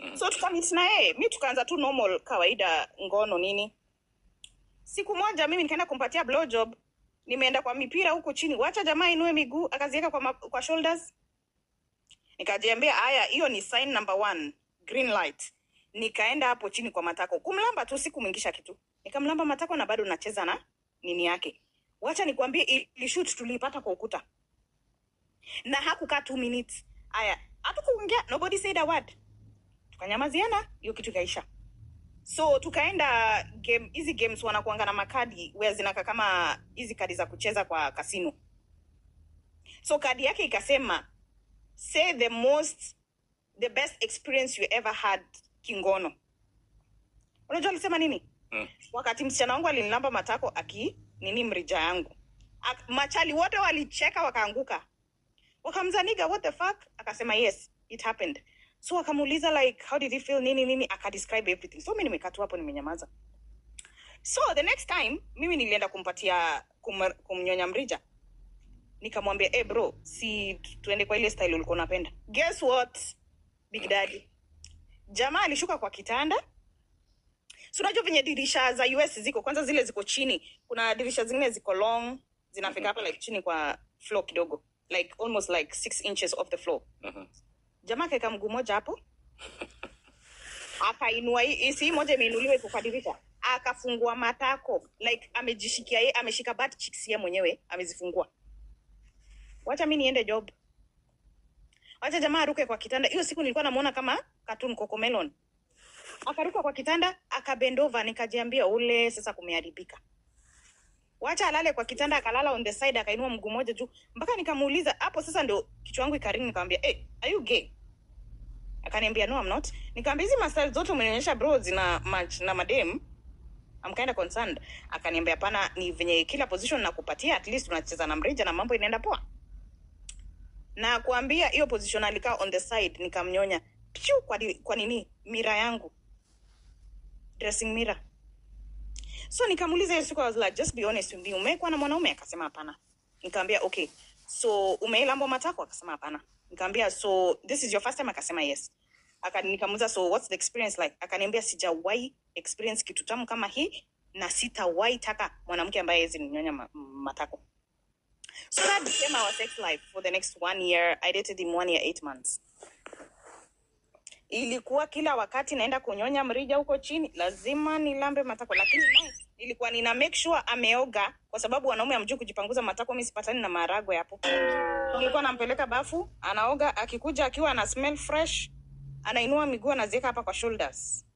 mm. so tukamit na yeye mi tukaanza tu normal kawaida ngono nini siku moja mimi nikaenda kumpatia blow job nimeenda kwa mipira huko chini wacha jamaa inue miguu akaziweka kwa, ma, kwa shoulders nikajiambia haya hiyo ni sign number one green light nikaenda hapo chini kwa matako kumlamba tu sikumwingisha kitu nikamlamba matako na bado nacheza na nini yake wacha nikwambie ilishut tuliipata kwa ukuta na hakukaa two minutes aya hatukuongea nobody said a word tukanyamaziana, hiyo kitu ikaisha. So tukaenda game, hizi games wanakuanga na makadi where zinaka kama hizi kadi za kucheza kwa kasino. So kadi yake ikasema say the most the best experience you ever had kingono. Unajua alisema nini? mm. Wakati msichana wangu alinilamba matako aki nini mrija yangu. Ak, machali wote walicheka wakaanguka. Wakamzaniga what the fuck? Akasema yes, it happened so akamuuliza like how did he feel nini nini akadescribe everything so mi nimekatu hapo nimenyamaza so the next time mimi nilienda kumpatia kum, kumnyonya mrija nikamwambia e eh, hey bro si tuende kwa ile style ulikuwa unapenda guess what big daddy jamaa alishuka kwa kitanda sunajua venye dirisha za us ziko kwanza zile ziko chini kuna dirisha zingine ziko long zinafika hapa like chini kwa flo kidogo like almost like six inches of the floor uh-huh. Jamaa kaeka mguu moja hapo akainua hii moja imeinuliwa iko kwa dirisha, akafungua matako like amejishikia yeye, ameshika bat cheeks yeye mwenyewe amezifungua. Wacha mimi niende job, wacha jamaa aruke kwa kitanda. Hiyo siku nilikuwa namuona kama cartoon Cocomelon, akaruka kwa kitanda akabendova, nikajiambia ule sasa kumeharibika, wacha alale kwa kitanda. Akalala on the side, akainua mguu moja juu, mpaka nikamuuliza hapo sasa, ndio kichwa yangu ikaringi, nikamwambia hey, eh, are you gay? akaniambia no I'm not. Nikamwambia hizi mastari zote umenionyesha bro zina match na madem. I'm kind of concerned. Akaniambia pana ni venye kila position nakupatia, at least unacheza na mrija na mambo inaenda poa. Na kuambia hiyo position alikaa on the side, nikamnyonya pchu kwa, di, kwa nini mira yangu dressing mira So nikamuuliza hiyo siku, I was like just be honest with me, umekuwa na mwanaume? Akasema hapana. Nikamwambia okay so umeela ngoma tako akasema hapana nikamwambia so this is your first time akasema yes nikamuza so what's the experience like akaniambia sijawahi experience kitu tamu kama hii na sitawahi taka mwanamke ambaye hizi ninyonya matako so that became our sex life for the next one year i dated him one year eight months ilikuwa kila wakati naenda kunyonya mrija huko chini lazima nilambe matako lakini nice nilikuwa nina make sure ameoga, kwa sababu wanaume amjui kujipanguza matako. Mimi sipatani na maharagwe hapo. Nilikuwa nampeleka bafu, anaoga, akikuja akiwa ana smell fresh, anainua miguu anaziweka hapa kwa shoulders